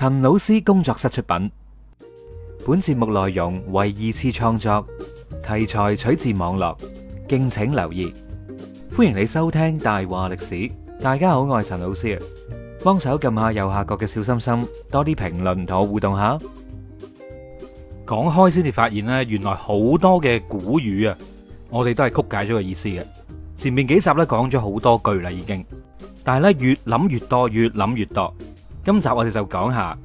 陳老師工作室出品，本節目內容為二次創作，題材取自網絡，敬請留意。歡迎你收聽《大話歷史》，大家好，我係陳老師，幫手撳下右下角嘅小心心，多啲評論同我互動下。講開先至發現呢，原來好多嘅古語啊，我哋都係曲解咗個意思嘅。前面幾集咧講咗好多句啦，已經，但係咧越諗越多，越諗越多。今集我哋就講下，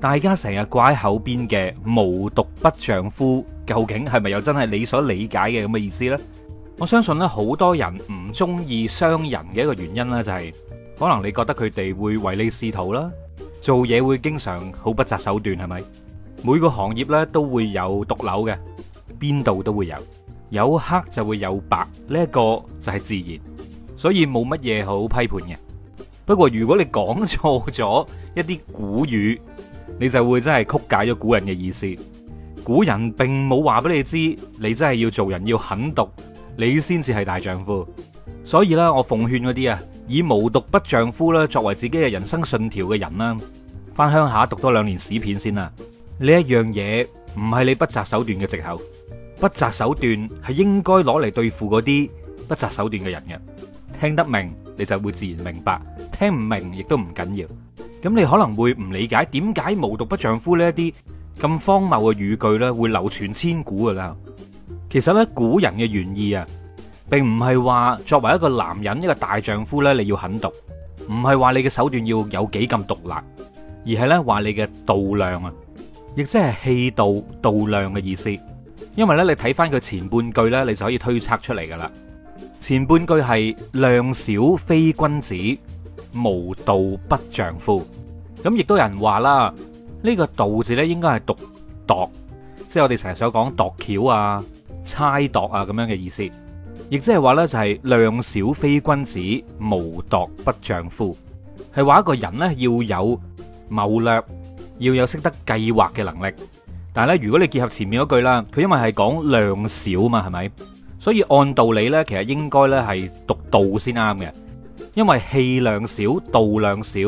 大家成日怪口邊嘅無毒不丈夫，究竟係咪又真係你所理解嘅咁嘅意思咧？我相信咧，好多人唔中意商人嘅一個原因咧，就係可能你覺得佢哋會唯利是圖啦，做嘢會經常好不擇手段，係咪？每個行業咧都會有毒瘤嘅，邊度都會有，有黑就會有白，呢一個就係自然，所以冇乜嘢好批判嘅。不過如果你講錯咗一啲古語，你就會真係曲解咗古人嘅意思。古人並冇話俾你知，你真係要做人要狠毒，你先至係大丈夫。所以咧，我奉勸嗰啲啊，以無毒不丈夫咧作為自己嘅人生信條嘅人啦，翻鄉下讀多兩年史片先啦。呢一樣嘢唔係你不擇手段嘅借口，不擇手段係應該攞嚟對付嗰啲不擇手段嘅人嘅。聽得明你就會自然明白。聽唔明亦都唔緊要，咁你可能會唔理解點解無毒不丈夫呢一啲咁荒謬嘅語句咧會流傳千古噶啦。其實咧，古人嘅原意啊，並唔係話作為一個男人，一個大丈夫咧，你要狠毒，唔係話你嘅手段要有幾咁毒辣，而係咧話你嘅度量啊，亦即係氣度度量嘅意思。因為咧，你睇翻佢前半句咧，你就可以推測出嚟噶啦。前半句係量小非君子。無道不丈夫，咁亦都有人話啦，呢個道字呢應該係讀度，即係我哋成日所講度橋啊、猜度啊咁樣嘅意思，亦即係話呢，就係量小非君子，無度不丈夫，係話一個人呢，要有謀略，要有識得計劃嘅能力。但係咧，如果你結合前面嗰句啦，佢因為係講量少嘛，係咪？所以按道理呢，其實應該呢係讀道先啱嘅。因為氣量少，度量少，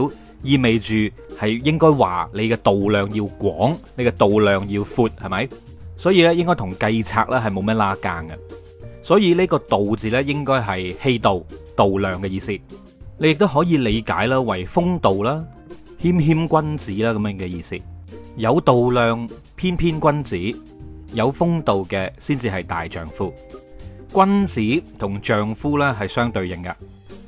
意味住係應該話你嘅度量要廣，你嘅度量要闊，係咪？所以咧，應該同計策咧係冇咩拉更嘅。所以呢個度字咧，應該係氣度、度量嘅意思。你亦都可以理解啦，為風度啦，謙謙君子啦，咁樣嘅意思。有度量，偏偏君子，有風度嘅先至係大丈夫。君子同丈夫咧係相對應嘅。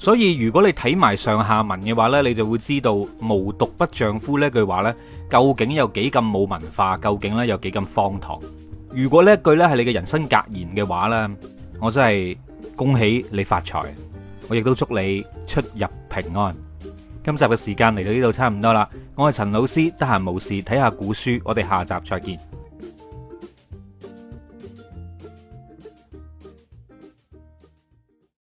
所以如果你睇埋上下文嘅話呢，你就會知道“無毒不丈夫”呢句話呢，究竟有幾咁冇文化，究竟呢有幾咁荒唐。如果呢句呢係你嘅人生格言嘅話呢，我真係恭喜你發財，我亦都祝你出入平安。今集嘅時間嚟到呢度差唔多啦，我係陳老師，得閒無事睇下古書，我哋下集再見。